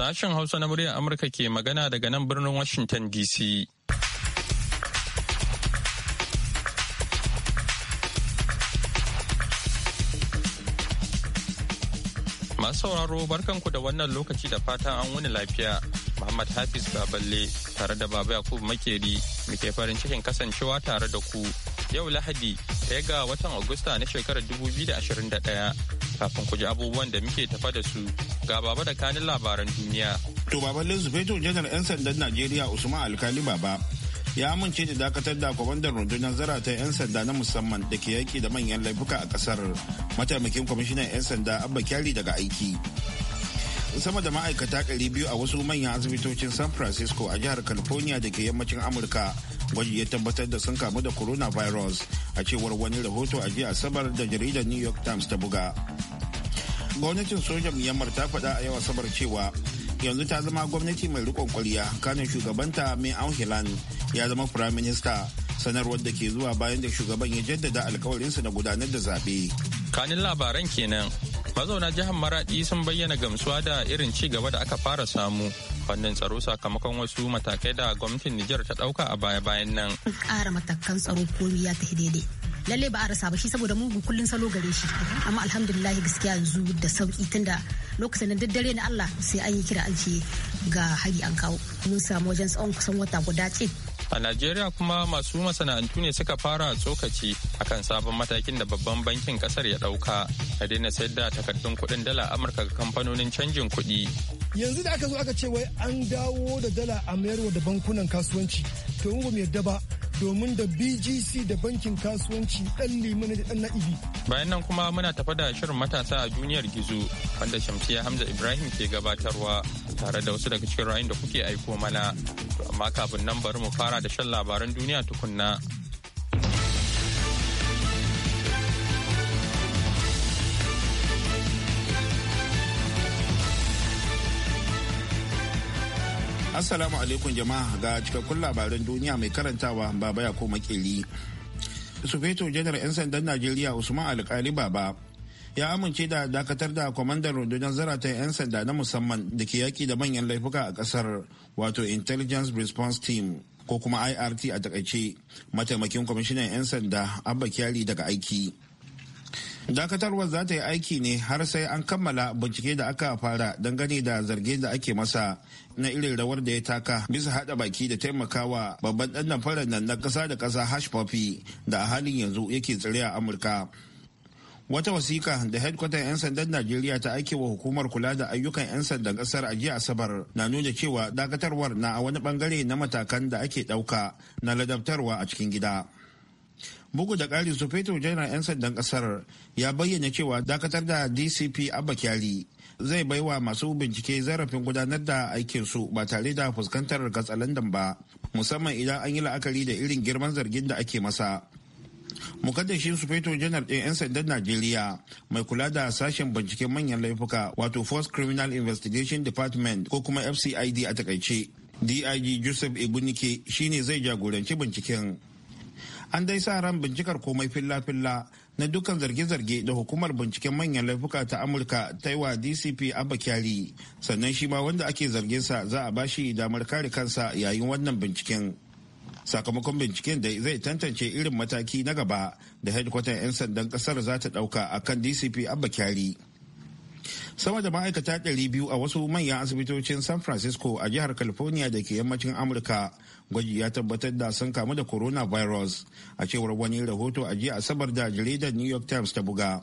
Sashen Hausa na muryar Amurka ke magana daga nan birnin Washington DC. Masu sauraro barkanku da wannan lokaci da fata an wuni lafiya. Muhammad Hafiz Baballe tare da Baba Yakubu Makeri muke farin cikin kasancewa tare da ku. Yau Lahadi, ɗaya ga watan Agusta na shekarar 2021. kafin ku ji abubuwan da muke tafa da su ga baba da kanin labaran duniya. To baban Lizbeto janar 'yan sandan Najeriya Usman Alkali Baba ya amince da dakatar da kwamandan rundunar zara ta 'yan sanda na musamman da ke yaki da manyan laifuka a kasar mataimakin kwamishinan 'yan sanda abba kyari daga aiki. sama da ma'aikata 200 a wasu manyan asibitocin san francisco a jihar california da ke yammacin amurka gwaji ya tabbatar da sun kamu da coronavirus a cewar wani rahoto a jiya asabar da jaridar new york times ta buga gwamnatin sojan myanmar ta faɗa a yau asabar cewa yanzu ta zama gwamnati mai rikon kwariya kanin shugabanta mai auhilan ya zama prime minister sanarwar da ke zuwa bayan da shugaban ya jaddada alkawarinsa na gudanar da zaɓe. kanin labaran kenan mazauna jihar maradi sun bayyana gamsuwa da irin ci gaba da aka fara samu fannin tsaro sakamakon wasu matakai da gwamnatin nijar ta dauka a baya-bayan nan ƙara matakan tsaro komi ya tafi daidai lalle ba a rasa ba shi saboda mugu kullun salo gare shi amma alhamdulillah gaskiya yanzu da sauki tunda lokacin da daddare na Allah sai an yi kira an ce ga hari an kawo mun samu wajen tsawon kusan wata guda ce A Najeriya kuma masu masana'antu ne suka fara tsokaci akan sabon matakin da babban bankin kasar ya dauka a daina sayar da takardun kuɗin dala Amurka ga kamfanonin canjin kuɗi. Yanzu da aka zo aka ce wai an dawo da dala a mayarwa da bankunan kasuwanci to mu yadda ba domin da BGC da bankin kasuwanci dan limani da dan na'ibi. Bayan nan kuma muna tafa da shirin matasa a duniyar gizo wanda Shamsiya Hamza Ibrahim ke gabatarwa tare da wasu daga cikin ra'ayin da kuke aiko mana amma kafin nan bari mu fara da shan labaran duniya tukunna. Assalamu alaikum jama'a ga cikakkun labaran duniya mai karantawa baba ya ko makili. Sufeto janar 'yan sandan Najeriya Usman Alkali Baba ya amince da dakatar da kwamandan rundunar ta 'yan sanda na musamman da ke yaki da manyan laifuka a kasar wato intelligence response team ko kuma irt a takaice mataimakin kwamishinan 'yan sanda abba kyali daga aiki dakatarwar za ta yi aiki ne har sai an kammala bincike da aka fara dangane da zarge da ake masa na irin rawar da ya taka bisa hada baki da taimakawa babban dan nan na kasa da kasa hash da a halin yanzu yake tsire a amurka wata wasiƙa da hedkwatar 'yan sandan najeriya ta aike wa hukumar kula da ayyukan 'yan sandan ƙasar a jiya asabar na nuna cewa dakatarwar na a wani bangare na matakan da ake ɗauka na ladabtarwa a cikin gida bugu da ƙari sufeto janar 'yan sandan ƙasar ya bayyana cewa dakatar da dcp abba kyari zai baiwa masu bincike zarafin gudanar da aikinsu ba tare da fuskantar katsalandan ba musamman idan an yi la'akari da irin girman zargin da ake masa mukaddashin sufeto janar ɗin 'yan sandan najeriya mai kula da sashen binciken manyan laifuka wato force criminal investigation department ko kuma fcid a takaice dig joseph ebunike shine zai jagoranci binciken an dai sa ran bincikar komai filla-filla na dukkan zarge-zarge da hukumar binciken manyan laifuka ta amurka ta yi wa dcp abba kyari sannan shi ma wanda ake zargin sa za a bashi damar kare kansa yayin wannan binciken sakamakon binciken da zai tantance irin mataki na gaba da hedikwatar 'yan sandan kasar za ta dauka a kan dcp abba kyari sama da ma'aikata 200 a wasu manyan asibitocin san francisco a jihar california da ke yammacin amurka gwaji ya tabbatar da sun kamu da coronavirus a cewar wani rahoto a jiya asabar da jaridar new york times ta buga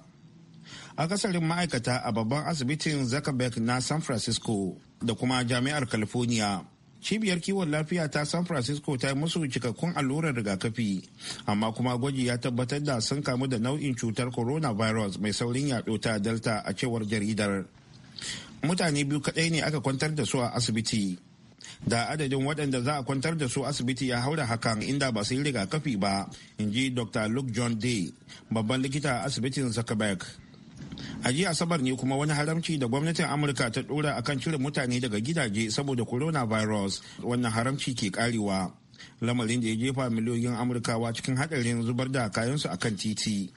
a kasarin ma'aikata a babban asibitin zuckerberg na san francisco da kuma jami'ar california cibiyar kiwon lafiya ta san francisco ta yi musu cikakkun allurar rigakafi amma kuma gwaji ya tabbatar da sun kamu da nau'in cutar coronavirus mai saurin yaɗo ta delta a cewar jaridar mutane biyu kaɗai ne aka kwantar da su a asibiti da adadin waɗanda za a kwantar da su asibiti ya haura hakan inda ba su yi rigakafi ba in ji dr luke john day babban likita a asibitin zuckerberg a jiya asabar ne kuma wani haramci da gwamnatin amurka ta dora akan cire mutane daga gidaje saboda coronavirus wannan haramci ke karewa lamarin da ya jefa miliyoyin amurkawa cikin hadarin zubar da kayansu akan titi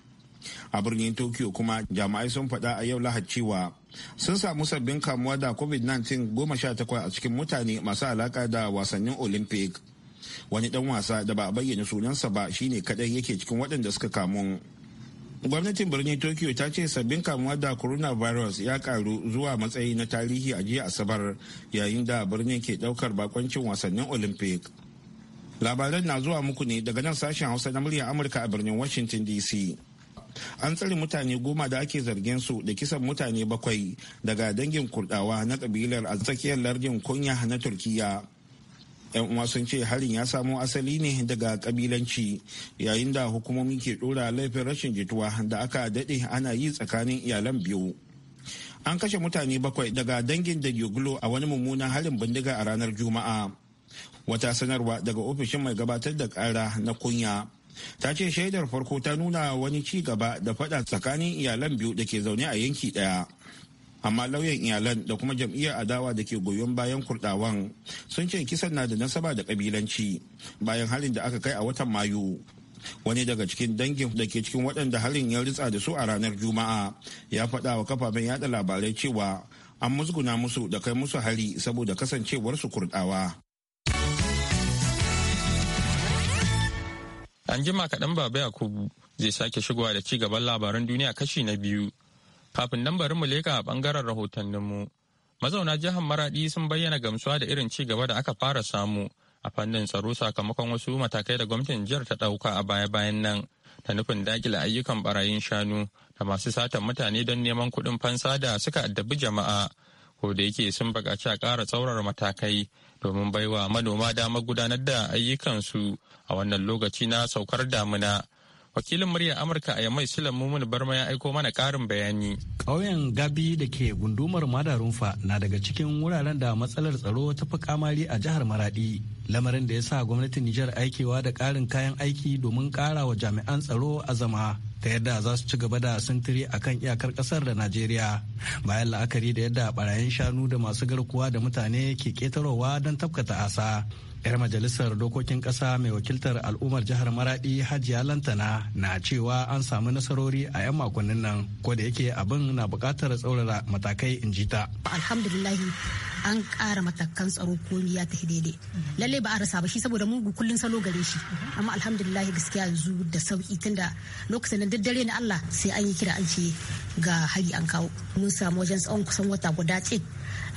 a birnin tokyo kuma jami'ai sun faɗa a yau lahad cewa sun samu sabbin kamuwa da covid-19 goma sha takwas a cikin mutane masu alaƙa da wasannin olympic wani ɗan wasa da ba a bayyana sunansa ba shine kaɗai yake cikin waɗanda suka kamu gwamnatin birnin tokyo ta ce sabbin kamuwa da coronavirus ya karu zuwa matsayi na tarihi a jiya asabar yayin da birnin ke daukar bakoncin wasannin olympic labaran na zuwa muku ne daga nan sashen hausa na muryar amurka a birnin washington dc an tsare mutane goma da ake zargin su da kisan mutane bakwai daga dangin kurdawa na kabilar a tsakiyar lardin kunya na turkiyya. 'yan uwa sun ce harin ya samo asali ne daga kabilanci yayin da hukumomi ke dora laifin rashin jituwa da aka daɗe ana yi tsakanin iyalan biyu an kashe mutane bakwai daga dangin da yugulo a wani mummunan harin bindiga a ranar juma'a wata sanarwa daga ofishin mai gabatar da ƙara na kunya ta ce shaidar farko ta nuna wani ci gaba da faɗa tsakanin iyalan biyu da ke zaune a yanki ɗaya amma lauyan iyalan da kuma jam'iyyar adawa da ke goyon bayan kurdawan sun ce kisan na da nasaba da kabilanci bayan halin da aka kai a watan mayu wani daga cikin dangin da ke cikin waɗanda halin ya ritsa da su a ranar juma'a ya faɗa wa kafafen yada labarai cewa an musguna musu da kai musu hari saboda kasancewarsu kurdawa an jima kaɗan baba yakubu zai sake shigowa da ci gaban labaran duniya kashi na biyu Kafin nan bari mu leka a bangaren rahotanninmu. Mazauna jihar Maradi sun bayyana gamsuwa da irin ci gaba da aka fara samu a fannin tsaro sakamakon wasu matakai da gwamnatin jihar ta ɗauka a baya-bayan nan ta nufin dakile ayyukan barayin shanu da masu satan mutane don neman kuɗin fansa da suka addabi jama'a. Ko da yake sun buƙaci a ƙara tsaurara matakai domin baiwa manoma damar gudanar da ayyukansu a wannan lokaci na saukar damuna. wakilin muryar amurka a yammai sulan mumun barma ya aiko mana karin bayani ƙauyen gabi da ke gundumar rumfa na daga cikin wuraren da matsalar tsaro ta fi kamari a jihar maradi lamarin da ya sa gwamnatin nijar aikewa da ƙarin kayan aiki domin ƙara wa jami'an tsaro azama ta yadda za su ci gaba da sintiri a kan iyakar kasar da najeriya bayan la'akari da yadda barayin shanu da masu garkuwa da mutane ke ketarowa don tafkata asa 'yar majalisar dokokin kasa mai wakiltar al'ummar jihar maradi hajiya lantana na cewa an samu nasarori a 'yan makonnin nan ko yake abin na bukatar tsaurara matakai in ji ta alhamdulillahi an kara matakan tsaro ko ya tafi daidai lalle ba a rasa ba shi saboda mun kullun salo gare shi amma alhamdulillahi gaskiya yanzu da sauki tunda lokacin da daddare na Allah sai an yi kira an ce ga hari an kawo mun samu wajen tsawon kusan wata guda ce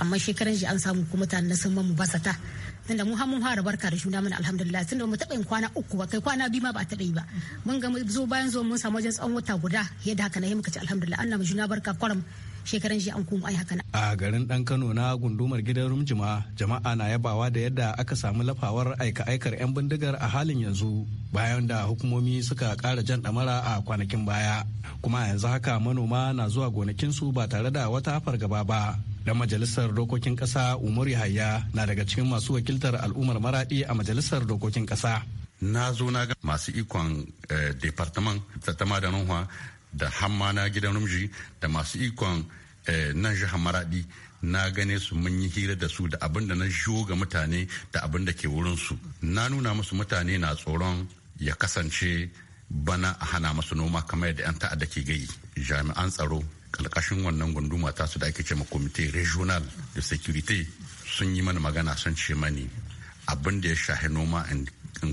amma shekaran shi an samu kuma mutane na sun mamu basata tunda mu mun fara barka da shuna mana alhamdulillah tunda mu taɓa yin kwana uku ba kai kwana biyu ma ba a taɓa yi ba mun ga zo bayan zo mun samu wajen tsawon wata guda yadda haka na yi muka ci alhamdulillah an mu shuna barka kwaram shekaran shi an kuma ai haka na. a garin dan kano na gundumar gidan rumjima jama'a na yabawa da yadda aka samu lafawar aika-aikar 'yan bindigar a halin yanzu bayan da hukumomi suka kara jan ɗamara a kwanakin baya kuma yanzu haka manoma na zuwa gonakinsu ba tare da wata fargaba ba Dan majalisar dokokin kasa Umar Yahaya na daga cikin masu wakiltar al'ummar maraɗi a majalisar dokokin kasa. Na zo na ga masu ikon eh, departament tattama da nunwa da hamma na gidan rumji da masu ikon eh, nan jihar Maradi na gane su mun yi hira da su da abin da na shigo ga mutane da abin da ke su na nuna musu mutane na tsoron ya kasance bana a hana masu noma kamar yadda 'yan ta'adda ke gai jami'an tsaro kalkashin wannan gunduma ta su da ake ce ma komite regional da security sun yi mana magana sun ce mani abin da ya shahi noma in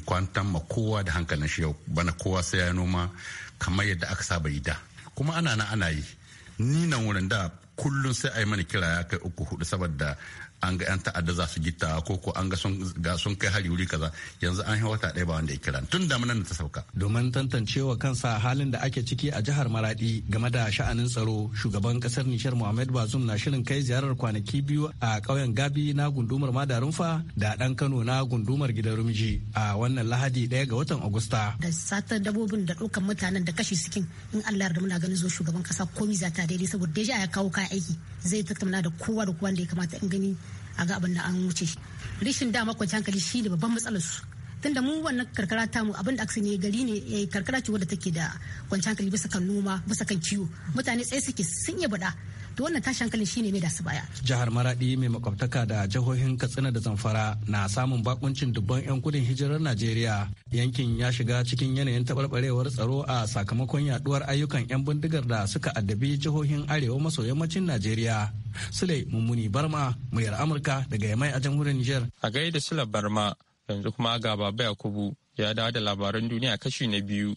kwantan ma kowa da hankalin shi yau bana kowa sai ya noma kamar yadda aka saba yi da kuma ana na ana yi ni nan wurin da kullum sai a yi mana kira ya kai uku hudu saboda an ga 'yan ta'adda za su gita ko ko an ga sun kai hari wuri kaza yanzu an yi wata ɗaya ba wanda ya kira tun da da ta sauka. domin tantancewa kansa halin da ake ciki a jihar maradi game da sha'anin tsaro shugaban kasar nishar muhammad bazum na shirin kai ziyarar kwanaki biyu a ƙauyen gabi na gundumar madarunfa da ɗan kano na gundumar gidan rumji a wannan lahadi ɗaya ga watan agusta. da sata dabobin da ɗaukan mutanen da kashe sikin in allah da muna ganin zo shugaban kasa komi za ta daidai saboda deja ya kawo kayan aiki zai tattauna da kowa da kowa da ya kamata in gani a ga abin da an wuce rishin dama kwanci hankali shi ne babban matsalar su tunda mu wannan karkara ta mu abin da aka sani gari ne eh, karkara ce wadda take da kwanci hankali bisa kan noma bisa kan kiwo mutane tsaye suke sun yi bada to wannan tashin hankalin shine mai da su baya jihar maradi mai makwabtaka da jihohin katsina da zamfara na samun bakuncin dubban yan gudun hijirar najeriya yankin ya shiga cikin yanayin taɓarɓarewar tsaro a sakamakon yaduwar ayyukan yan bindigar da suka addabi jihohin arewa maso yammacin najeriya sule mummuni barma muryar amurka daga yamai a jamhuriyar niger a gaida sule barma yanzu kuma ga baba yakubu ya dawo da labaran duniya kashi na biyu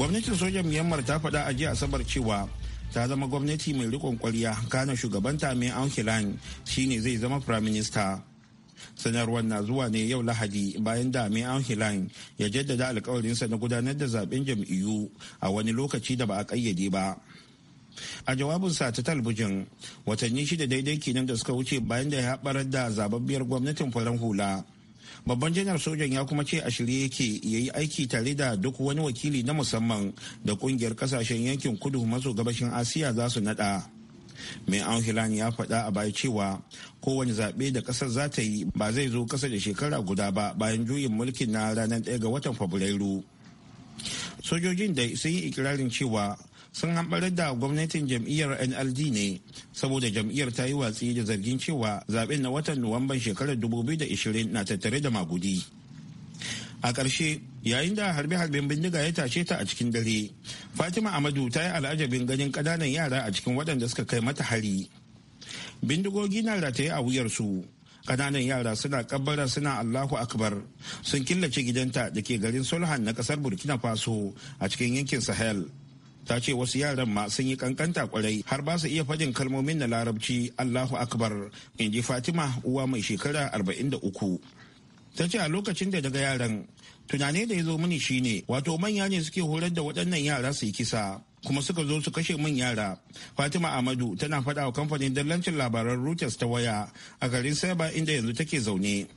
gwamnatin sojan myanmar ta faɗa a jiya asabar cewa ta zama gwamnati mai rikon kwarya kana shugabanta mai aung shine zai zama prime minister sanarwar na zuwa ne yau lahadi bayan da mai hilain ya jaddada alkawarinsa na gudanar da zaben jam'iyyu a wani lokaci da ba a kayyade ba a jawabinsa ta talbijin watanni shida daidai kenan da suka wuce bayan da ya haɓarar da zababbiyar gwamnatin farar hula babban janar sojan ya kuma ce a shirye yake ya yi aiki tare da duk wani wakili na musamman da kungiyar kasashen yankin kudu maso gabashin asiya za su nada mai anhilan ya faɗa a baya cewa kowane zaɓe da ƙasar za ta yi ba zai zo ƙasa da shekara guda ba bayan juyin mulkin na ranar 1 ga watan fabrairu sojojin da sun yi ikirarin cewa sun hambarar da gwamnatin jam'iyyar nld ne saboda jam'iyyar ta yi watsi da zargin cewa zaben na watan nuwamban shekarar 2020 na tattare da magudi a ƙarshe yayin da harbe-harben bindiga ya tashe ta a cikin dare fatima amadu ta yi al'ajabin ganin ƙananan yara a cikin waɗanda suka kai mata hari bindigogi na rataye a wuyarsu ƙananan yara suna ƙabbara suna allahu akbar sun killace gidanta da ke garin sulhan na ƙasar burkina faso a cikin yankin sahel ta ce wasu yaran ma sun yi kankanta kwarai har ba su iya faɗin kalmomin na larabci allahu akbar in ji fatima uwa mai shekara 43 ta ce a lokacin da daga yaran tunanin da ya zo mini shine wato manya ne suke horar da waɗannan yara su yi kisa kuma suka zo su kashe min yara fatima amadu tana faɗa wa kamfanin dallancin labaran reuters ta waya a garin saiba inda yanzu take zaune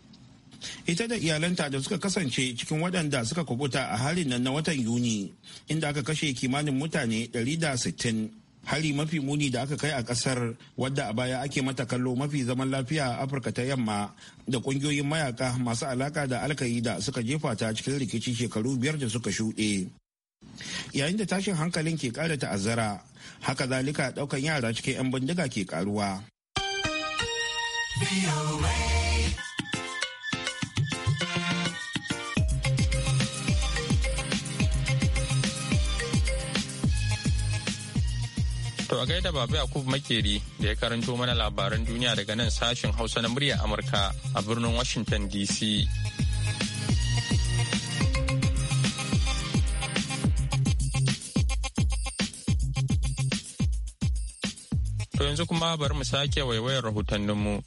ita da iyalanta da suka kasance cikin waɗanda suka kubuta a halin nan na watan yuni inda aka kashe kimanin mutane 160 hari mafi muni da aka kai a ƙasar wadda a baya ake mata kallo mafi zaman lafiya a afirka ta yamma da ƙungiyoyin mayaka masu alaka da da suka jefa ta cikin rikici shekaru biyar da suka shuɗe yayin da tashin hankalin ke ƙara ta'azzara haka zalika ɗaukan yara cikin 'yan bindiga ke ƙaruwa. a gaida Baba Yakubu Makeri da ya karanto mana labaran duniya daga nan sashen Hausa na murya Amurka a birnin Washington DC. To yanzu kuma bari mu sake waiwayar rahotanninmu.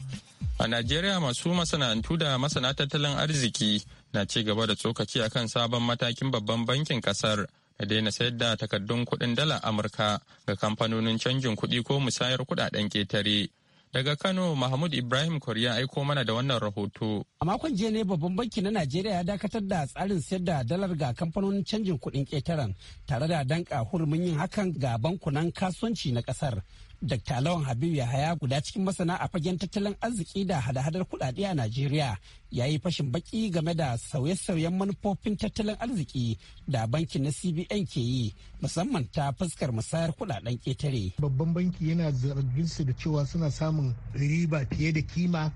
A Najeriya masu masana'antu da masana tattalin arziki na cigaba da tsokaci akan sabon matakin babban bankin kasar. a daina sayar da takardun kuɗin dala Amurka ga kamfanonin canjin kuɗi ko musayar kuɗaɗen ƙetare. Daga Kano, Mahmud Ibrahim Koriya aiko mana da wannan rahoto. A makon jiya ne babban banki na Najeriya ya dakatar da tsarin sayar da dalar ga kamfanonin canjin kuɗin ƙetaren tare da danka hurumin yin hakan ga bankunan kasuwanci na ƙasar. Dr. Lawan Habib Yahaya guda cikin masana a fagen tattalin arziki da hada-hadar kuɗaɗe a Najeriya ya yi fashin baki game da sauye-sauyen manufofin tattalin arziki da bankin na CBN ke yi musamman ta fuskar musayar kudaden ketare. Babban banki yana zargin su da cewa suna samun riba fiye da kima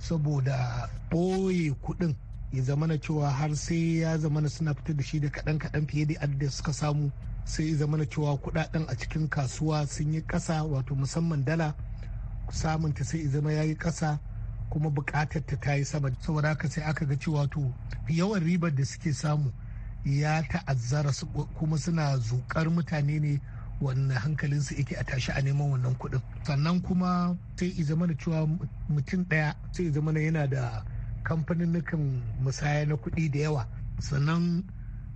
saboda boye kuɗin ya zamana cewa har sai ya zamana suna fitar da shi da kaɗan-kaɗan fiye da adadin suka samu sai zama na cewa kudaden a cikin kasuwa sun yi kasa wato musamman dala samunta ta sai zama ya yi kasa kuma bukatar ta ta yi sama saboda haka sai aka ga cewa to yawan ribar da suke samu ya ta'azzara kuma suna zukar mutane ne wannan hankalinsu yake a tashi a neman wannan kuɗin sannan kuma sai ya zama cewa mutum ɗaya sai ya zama yana da kamfanin nukan musaya na kuɗi da yawa sannan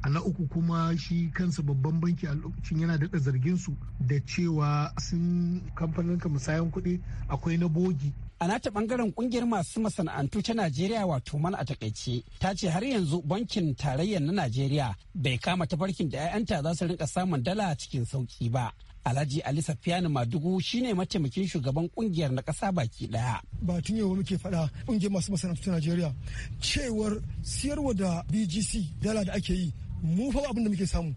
a na uku kuma shi kansa babban banki a lokacin yana daɗa zargin su da cewa sun kamfanin ka musayan kuɗi akwai na bogi a nata bangaren kungiyar masu masana'antu ta najeriya wato man a takaice ta ce har yanzu bankin tarayyar na najeriya bai kama tafarkin da 'ya'yanta za su rinka samun dala cikin sauki ba Alhaji Ali Safiyanu Madugu shine mataimakin shugaban kungiyar na kasa baki daya. Ba tun yau muke faɗa kungiyar masu masana'antu ta Najeriya cewar siyarwa da BGC dala da ake yi mu fa abin da muke samu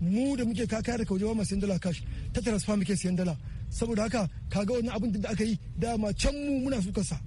mu da muke kaka da kaujewa masu yan dala cash ta transfer muke siyan dala saboda haka kaga wannan abin da aka yi dama can mu muna suka sa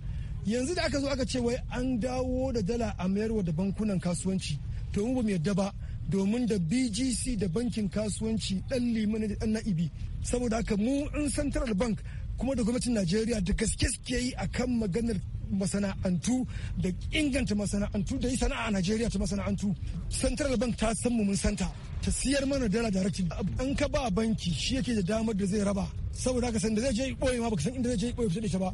yanzu da aka zo aka ce wai an dawo da dala a mayarwa da bankunan kasuwanci to mu ba mu yadda ba domin da bgc da bankin kasuwanci dan limani da dan na'ibi saboda haka mu in central bank kuma da gwamnatin najeriya da gaske suke yi akan maganar masana'antu da inganta masana'antu da yi sana'a a Najeriya ta masana'antu. Central Bank ta san mu mun santa ta siyar mana dala directly. An ka ba banki shi yake da damar da zai raba saboda haka san da zai je ɓoye ma baka san inda zai je ɓoye fita da ita ba.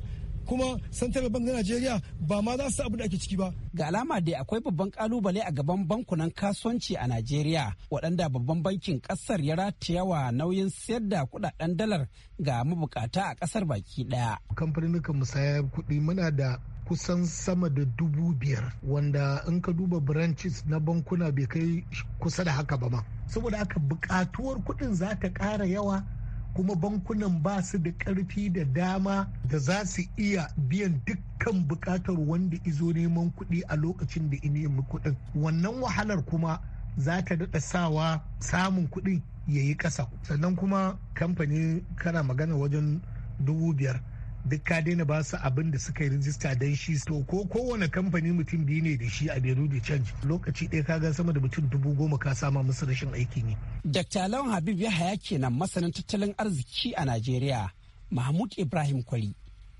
kuma central bank na najeriya ba ma za su abu da ake ciki ba ga alama dai akwai babban kalubale a gaban bankunan kasuwanci a najeriya waɗanda babban bankin ƙasar ya yawa nauyin sayar da kuɗaɗen dalar ga mabukata a ƙasar baki ɗaya kamfanin musayar kuɗi muna da kusan sama da dubu biyar wanda in ka duba branches na bankuna bai kai kusa da haka ba ma saboda haka bukatuwar kuɗin za ta ƙara yawa kuma bankunan ba su da ƙarfi da dama da za su iya biyan dukkan buƙatar wanda izo neman kuɗi a lokacin da yi kuɗin wannan wahalar kuma za ta daɗa sawa samun kuɗin ya yi ƙasa sannan kuma kamfani kana magana wajen dubu biyar duk ka daina ba su abin da suka yi rijista don shi to ko kowane kamfani mutum biyu ne da shi a beru da canji lokaci ɗaya ka ga sama da mutum dubu goma ka sama musu rashin aikin yi. Dr. Lawan Habib Yahaya kenan masanin tattalin arziki a Najeriya Mahmud Ibrahim Kwali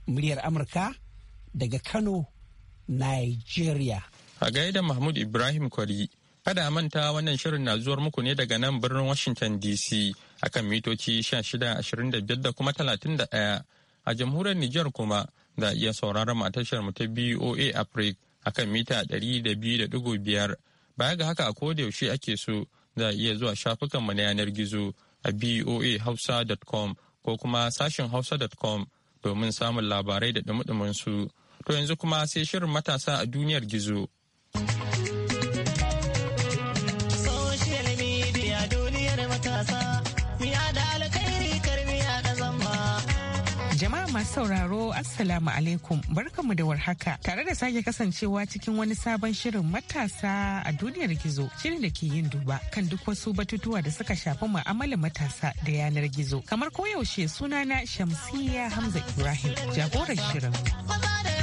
muryar Amurka daga Kano Nigeria. A gaida Mahmud Ibrahim Kwari, kada manta wannan shirin na zuwar muku ne daga nan birnin Washington DC akan mitoci ashirin da kuma 31 A jamhuriyar Nijar kuma za a iya sauraron tashar mu ta BOA Africa akan mita 200.5 baya ga haka a koda yaushe ake so za a iya zuwa shafukan mu na yanar gizo a boahausa.com ko kuma sashin hausa.com domin samun labarai da dumudumin su to yanzu kuma sai shirin matasa a duniyar gizo. masu sauraro Assalamu alaikum barkamu da warhaka tare da sake kasancewa cikin wani sabon shirin matasa a duniyar gizo shirin da ke yin duba kan duk wasu batutuwa da suka shafi mu'amalar matasa da yanar gizo kamar koyaushe sunana Shamsiyya Hamza Ibrahim jagorar shirin.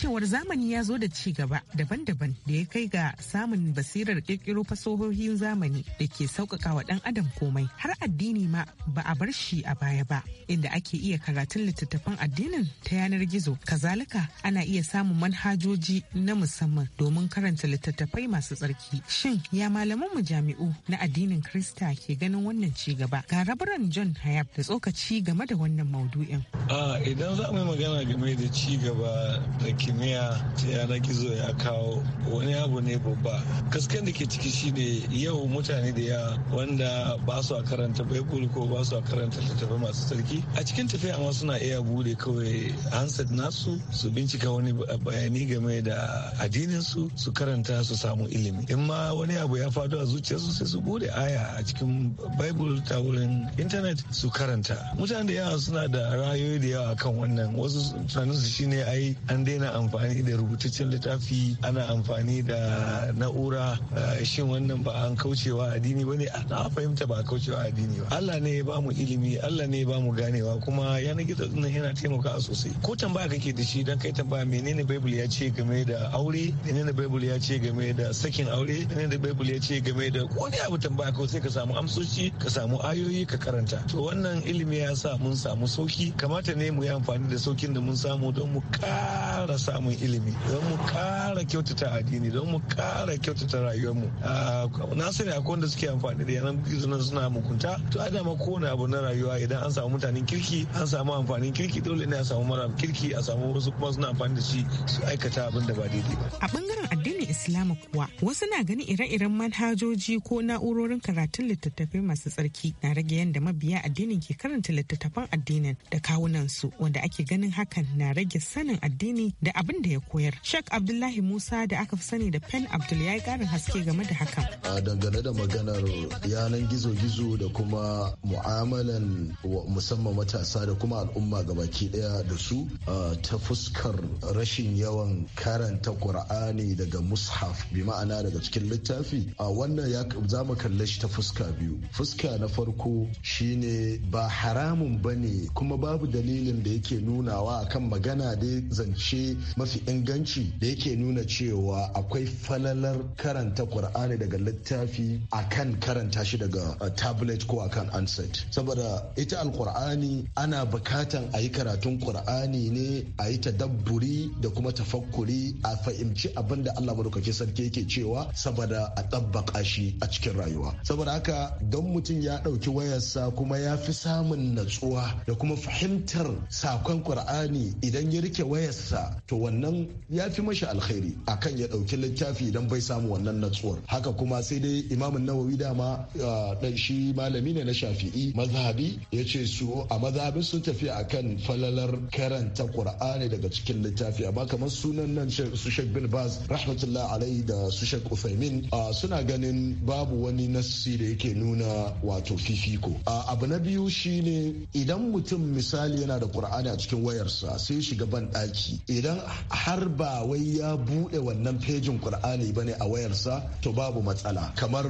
cewar zamani ya zo da ci gaba daban-daban da ya kai ga samun basirar kirkiro fasahohin zamani da ke sauƙaƙa wa ɗan adam komai har addini ma ba a bar shi a baya ba inda ake iya karatun littattafan addinin ta yanar gizo kazalika ana iya samun manhajoji na musamman domin karanta littattafai masu tsarki shin ya malaman mu jami'u na addinin krista ke ganin wannan ci gaba ga rabaran john hayab da tsokaci game da wannan maudu'in ah, idan za mu magana game da da ke kimiyya ta yanar gizo ya kawo wani abu ne babba gasken da ke ciki shine yau mutane da yawa wanda ba su a karanta baibul ko ba su a karanta littattafai masu sarki a cikin tafiya ma suna iya bude kawai hansat nasu su bincika wani bayani game da addinin su su karanta su samu ilimi in ma wani abu ya faɗo a zuciyarsu sai su bude aya a cikin baibul ta wurin intanet su karanta mutane da yawa suna da ra'ayoyi da yawa akan wannan wasu tunaninsu shine ai an daina amfani da rubutaccen littafi ana amfani da na'ura eh, shin wannan ba an kaucewa addini ba ne a fahimta ba a kaucewa addini ba Allah ne ya ba mu ilimi Allah ne ya ba mu ganewa kuma yana gizo nan yana taimakawa sosai ko tambaya kake da shi dan kai tambaya menene bible ya ce game da aure menene bible ya ce game da sakin aure menene bible ya ce game da wani abu tambaya ko sai ka samu amsoci ka samu ayoyi ka karanta to wannan ilimi ya sa mun samu sauki kamata ne mu yi amfani da saukin da mun samu don mu kara samun ilimi don mu kara kyautata addini don mu kara kyautata rayuwarmu na sani akwai wanda suke amfani da yanar gizo nan suna mugunta to a dama kowane abu na rayuwa idan an samu mutanen kirki an samu amfanin kirki dole ne a samu mara kirki a samu wasu kuma suna amfani da shi su aikata abin da ba daidai ba a bangaren addinin islamu kuwa wasu na ganin ire-iren manhajoji ko na'urorin karatun littattafai masu tsarki na rage yadda mabiya addinin ke karanta littattafan addinin da kawunan su wanda ake ganin hakan na rage sanin addini da abin da ya koyar. Sheikh Abdullahi Musa da aka fi sani da Pen Abdul ya yi karin haske game da hakan. A dangane da maganar yanan gizo-gizo da kuma mu'amalan musamman matasa da kuma al'umma ga baki daya da su ta fuskar rashin yawan karanta Qur'ani daga mushaf bi ma'ana daga cikin littafi a wannan ya za mu kalle shi ta fuska biyu. Fuska na farko shine ba haramun bane kuma babu dalilin da yake nunawa akan magana dai zance mafi inganci da yake nuna cewa akwai falalar karanta Qur'ani daga littafi akan karanta shi daga uh, tablet ko a kan ansat saboda ita alkur'ani ana bukatan a yi karatun Qur'ani ne a yi ta dabburi da kuma tafakkuri a fahimci abin da Allah madaukakin sarki yake cewa saboda a tabbaka shi a cikin rayuwa saboda haka don mutum ya ɗauki wayarsa kuma ya fi samun natsuwa da kuma fahimtar sakon Qur'ani idan ya rike wayarsa to wannan ya fi mashi alkhairi akan ya ɗauki littafi idan bai samu wannan natsuwar haka kuma sai dai imamun nawawi dama dan shi malami ne na shafi'i mazhabi ya ce su a mazhabin sun tafi kan falalar karanta qur'ani daga cikin littafi amma kamar sunan nan su shek bin baz rahmatullah alaihi da su shek usaimin suna ganin babu wani nassi da yake nuna wato fifiko abu na biyu shine idan mutum misali yana da qur'ani a cikin wayarsa sai shiga ban daki idan har ba wai ya bude wannan fejin Kur'ani bane a wayarsa to babu matsala kamar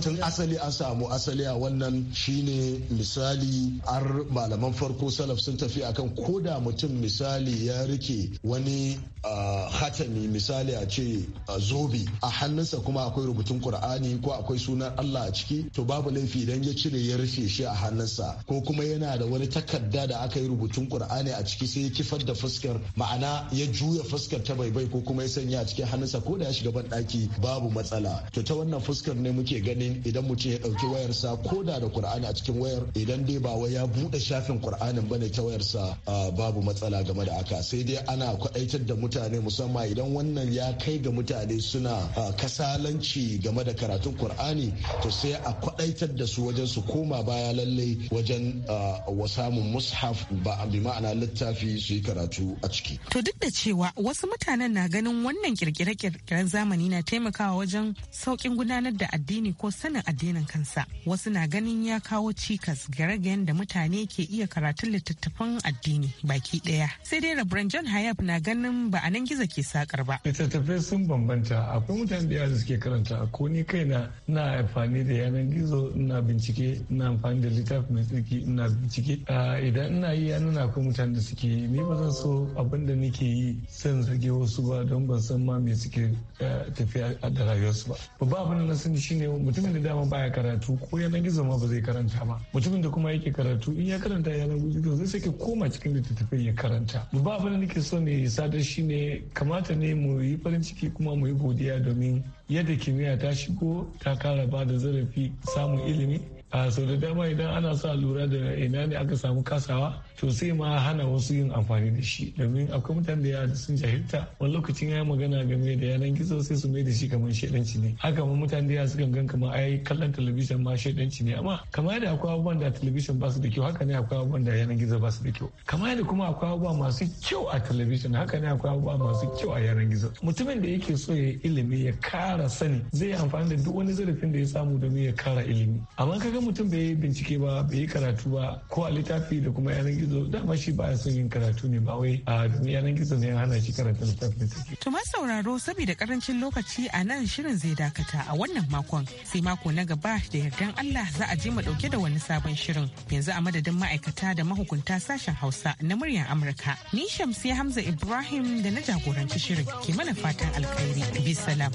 tun asali an samu asali a wannan shine misali ar malaman farko salaf sun tafi akan ko da mutum misali ya rike wani hatami misali a ce zobe a hannunsa kuma akwai rubutun Kur'ani ko akwai sunan Allah a ciki to babu laifi idan ya cire ya rufe shi a hannunsa ko kuma yana da wani takarda da aka yi rubutun Kur'ani a ciki sai ya kifar da fuskar ma'ana ya juya fuskar ta baibai ko kuma ya sanya a cikin hannunsa ko da ya shiga ban ɗaki babu matsala to ta wannan fuskar ne muke ganin idan mutum ya ɗauki wayarsa ko da da qur'ani a cikin wayar idan dai ba wai ya buɗe shafin ba ne ta wayarsa babu matsala game da haka sai dai ana kwaɗaitar da mutane musamman idan wannan ya kai ga mutane suna kasalanci game da karatun qur'ani to sai a kwaɗaitar da su wajen su koma baya lalle wajen wa samun mushaf ba bi ma'ana littafi su yi karatu a ciki to duk da da cewa wasu mutanen na ganin wannan kirkire-kirkiren zamani na taimakawa wajen saukin gudanar da addini ko sanin addinin kansa. Wasu na ganin ya kawo cikas ga ragayen da mutane ke iya karatun littattafan addini baki ɗaya. Sai dai Rabran John Hayab na ganin ba a nan gizo ke sakar ba. Littattafai sun bambanta akwai mutane da yawa suke karanta ko ni kaina na amfani da yanar gizo ina bincike ina amfani da littafi mai tsarki ina bincike ah, idan ina yi yana akwai mutane da suke ni ba zan so abin da nake yi yi san zarge wasu ba don ban san ma me suke eh, tafiya a da rayuwarsu ba babba abin da na sani shine mutumin da dama baya karatu ko yanar gizo ma ba zai karanta ba mutumin da kuma yake karatu in ya karanta yanar gizo zai sake koma cikin littattafai ya karanta babba abin da nake so ne sadar shine kamata ne mu yi farin ciki kuma mu yi godiya domin yadda kimiyya ta shigo ta kara ba da zarafi samun ilimi a ah, sau da dama idan ana sa lura da ina ne aka samu kasawa to sai ma hana wasu yin amfani da shi domin akwai mutane da yawa sun jahilta wani lokacin ya magana game da yanan gizo sai su mai da shi kamar shaidanci ne haka ma mutane da yawa sukan gan kamar ai kallon talabijin ma shaidanci ne amma kamar yadda akwai abubuwan da talabijin ba su da kyau haka ne akwai abubuwan da yanan gizo ba su da kyau kamar yadda kuma akwai abubuwa masu kyau a talabijin haka ne akwai abubuwa masu kyau a yanan gizo mutumin da yake so ya ilimi ya kara sani zai amfani da duk wani zarafin da ya samu domin ya kara ilimi amma kaga mutum bai bincike ba bai karatu ba ko a littafi da kuma yanar gizo gizo dama shi ba son yin karatu ne ba wai a yanar gizo ne hana shi karatu littafi to ma sauraro saboda karancin lokaci a nan shirin zai dakata a wannan makon sai mako na gaba da yardan Allah za a je mu dauke da wani sabon shirin yanzu a madadin ma'aikata da mahukunta sashen Hausa na muryar Amurka ni Shamsiya Hamza Ibrahim da na jagoranci shirin ke mana fatan alkhairi bisalam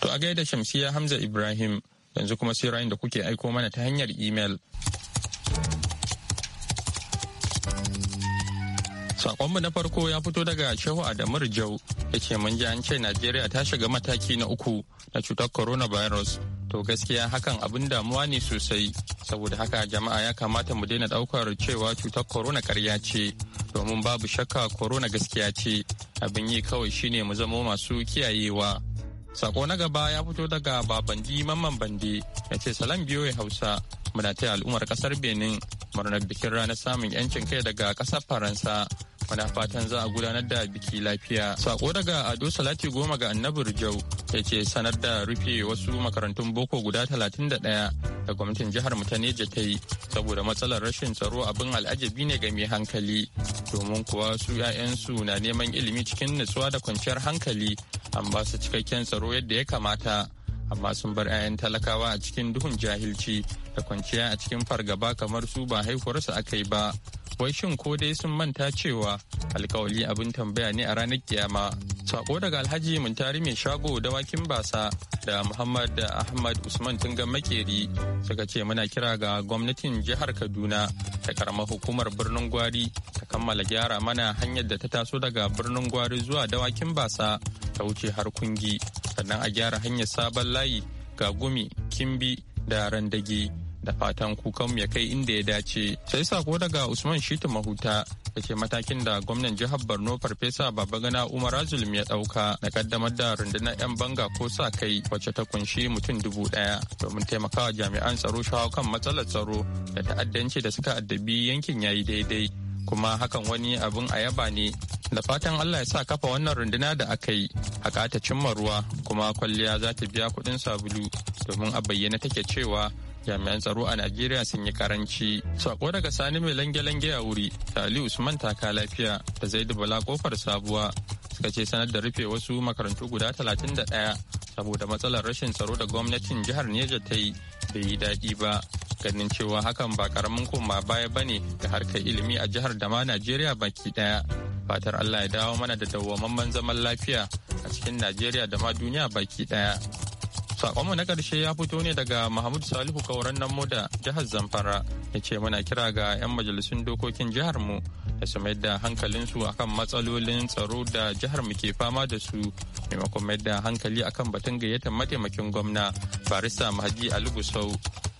to a gaida Shamsiya Hamza Ibrahim yanzu kuma sai rayu da kuke aiko mana ta hanyar imel. Sakonmu na farko ya fito daga Shehu adamar jau da ce mun ji an ce Najeriya ta shiga mataki na uku na cutar coronavirus. To gaskiya hakan abin damuwa ne sosai saboda haka jama'a ya kamata mu daina daukar cewa cutar corona karya ce domin babu shakka corona gaskiya ce abin yi kawai shine mu zamo masu kiyayewa. Sako na gaba ya fito daga Babandi Mamman Bande ya ce salam biyo Hausa muna taya al'ummar kasar Benin murnar bikin ranar samun 'yancin kai daga kasar Faransa muna fatan za a gudanar da biki lafiya sako daga ado salati goma ga annabur jau ya ce sanar da rufe wasu makarantun boko guda 31 da gwamnatin jihar mu ta ta yi saboda matsalar rashin tsaro abin al'ajabi ne ga mai hankali domin kuwa su 'ya'yansu na neman ilimi cikin nutsuwa da kwanciyar hankali an ba su cikakken tsaro yadda ya kamata amma sun bar 'ya'yan talakawa a cikin duhun jahilci da kwanciya a cikin fargaba kamar su ba haihuwarsu aka yi ba wai shin ko dai sun manta cewa alkawali abin tambaya ne a ranar kiyama sako daga alhaji muntari mai shago dawakin basa da muhammad da ahmad usman tungan makeri suka ce muna kira ga gwamnatin jihar kaduna da karamar hukumar birnin gwari ta kammala gyara mana hanyar da ta taso daga birnin gwari zuwa dawakin basa ta wuce har kungi sannan a gyara hanyar sabon layi ga gumi kimbi da randage da fatan kukan ya kai inda ya dace sai sako daga usman shitu mahuta da ke matakin da gwamnan jihar borno farfesa babagana umar azulum ya dauka na kaddamar da rundunar yan banga ko sa kai wacce ta kunshi mutum dubu daya domin taimakawa jami'an tsaro shawo kan matsalar tsaro da ta'addanci da suka addabi yankin yayi daidai kuma hakan wani abin a yaba ne da fatan allah ya sa kafa wannan runduna da aka yi a kata cimma ruwa kuma kwalliya za ta biya kudin sabulu domin a bayyana take cewa jami'an tsaro a najeriya sun yi karanci sako daga sani mai lange-lange a wuri da ali usman taka lafiya da zaidu bala kofar sabuwa suka ce sanar da rufe wasu makarantu guda talatin da 31 saboda matsalar rashin tsaro da gwamnatin jihar neja ta yi bai yi daɗi ba ganin cewa hakan ba karamin koma baya ba ne da harkar ilimi a jihar da ma najeriya baki ɗaya fatar allah ya dawo mana da dawwamamman zaman lafiya a cikin najeriya da ma duniya baki ɗaya Sakonmu na ƙarshe ya fito ne daga Mahmud Salihu Kauran nan da jihar Zamfara ya ce muna kira ga 'yan majalisun dokokin jihar mu da su mayar da hankalinsu akan matsalolin tsaro da jihar mu ke fama da su maimakon mayar da hankali akan batun gayyata mataimakin gwamna Barista Mahdi Ali Gusau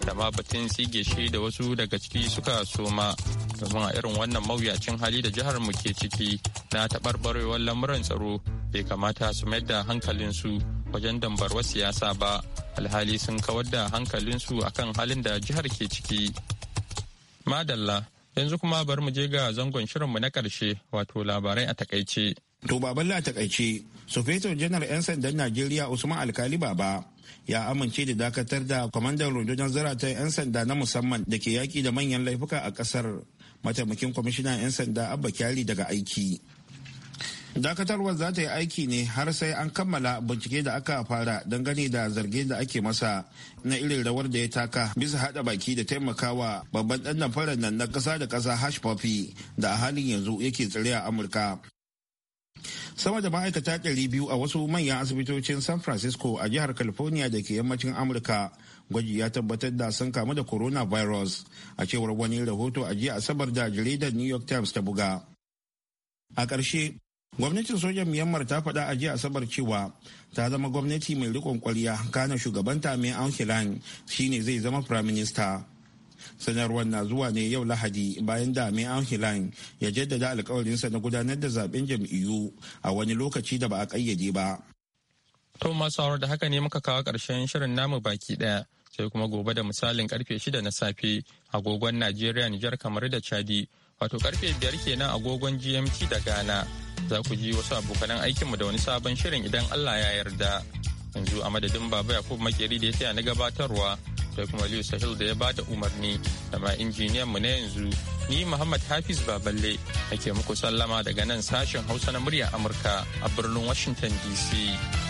da ma batun sige shi da wasu daga ciki suka soma domin a irin wannan mawuyacin hali da jihar mu ke ciki na taɓarɓarewar lamuran tsaro bai kamata su mayar da hankalinsu wajen dambarwar siyasa ba alhali sun kawar da hankalinsu a kan halin da jihar ke ciki madalla yanzu kuma bar mu je ga zangon shirinmu na ƙarshe wato labarai a takaice to baballa a takaice sufeto janar 'yan sandan najeriya usman alkali baba ya amince da dakatar da kwamandan rundunar zaratar 'yan sanda na musamman da ke yaki da manyan laifuka a ƙasar mataimakin kwamishinan 'yan sanda abba kyari daga aiki dakatarwar za ta yi aiki ne har sai an kammala bincike da aka fara dangane da zarge da ake masa na irin rawar da ya taka bisa hada baki da taimakawa babban dan fara nan na kasa da kasa hash poppy da a halin yanzu yake tsire a amurka sama da ma'aikata ɗari biyu a wasu manyan asibitocin san francisco a jihar california da ke yammacin amurka gwaji ya tabbatar da sun kamu da coronavirus a cewar wani rahoto a jiya asabar da jaridar new york times ta buga a ƙarshe gwamnatin sojan myanmar ta faɗa a jiya asabar cewa ta zama gwamnati mai rikon kwarya kana shugabanta mai aung shine zai zama prime minister sanarwar na zuwa ne yau lahadi bayan da mai ya jaddada alkawarinsa na gudanar da zaben jam'iyyu a wani lokaci da ba a kayyade ba to masu da haka ne muka kawo ƙarshen shirin namu baki daya sai kuma gobe da misalin karfe shida na safe agogon najeriya nijar kamar da chadi wato karfe biyar kenan agogon gmt da ghana za ku ji wasu abokanan aikinmu da wani sabon shirin idan Allah ya yarda. Yanzu a madadin Baba Yakubu Makeri da ya taya na gabatarwa da kuma Liyu Sahil da ya bada umarni da ma injiniyan mu na yanzu ni Muhammad Hafiz Baballe ake muku sallama daga nan sashen Hausa na murya Amurka a birnin Washington DC.